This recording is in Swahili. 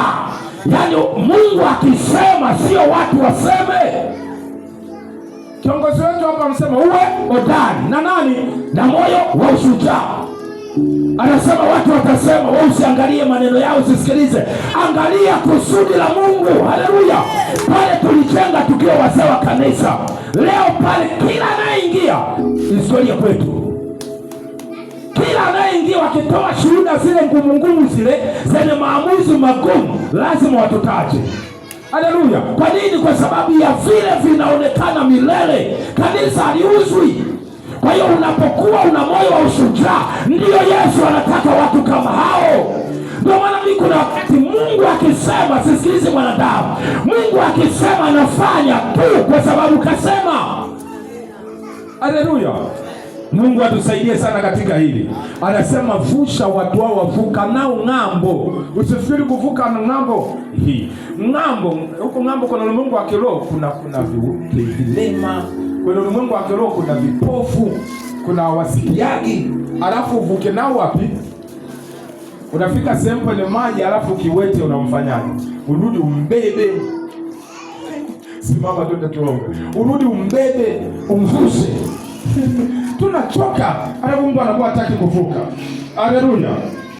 Bwana. Yaani Mungu akisema sio watu waseme. Kiongozi wetu hapa amsema uwe hodari na nani na moyo wa ushujaa. Anasema watu watasema, wewe usiangalie maneno yao, usisikilize, angalia kusudi la Mungu. Haleluya! Pale tulijenga tukiwa wazee wa kanisa, leo pale kila anayeingia historia kwetu, kila anayeingia wakitoa shuhuda sile zile ngumungumu zile zenye maamuzi magumu, lazima watutaje. Haleluya! Kwa nini? Kwa sababu ya vile vinaonekana milele, kanisa haliuzwi. Kwa hiyo unapokuwa una moyo wa ushujaa, ndiyo Yesu anataka watu kama hao. Ndio maana mimi, kuna wakati Mungu akisema sisikilizi mwanadamu, Mungu akisema anafanya tu, kwa sababu kasema. Haleluya! Mungu atusaidie sana katika hili. Anasema vusha watu wao wavuka nao ng'ambo. Usifikiri kuvuka ng'ambo hii ng'ambo huko ng'ambo, kuna ulimwengu wa kiroho, kuna kuna vilema, kuna ulimwengu wa kiroho, kuna vipofu, kuna wasikiaji, alafu uvuke nao wapi? Unafika sehemu kwenye maji, alafu kiwete unamfanyaje? Urudi umbebe. Simama tu, tuombe, urudi umbebe, umvushe anachoka, alafu mtu anakuwa hataki kuvuka. Haleluya.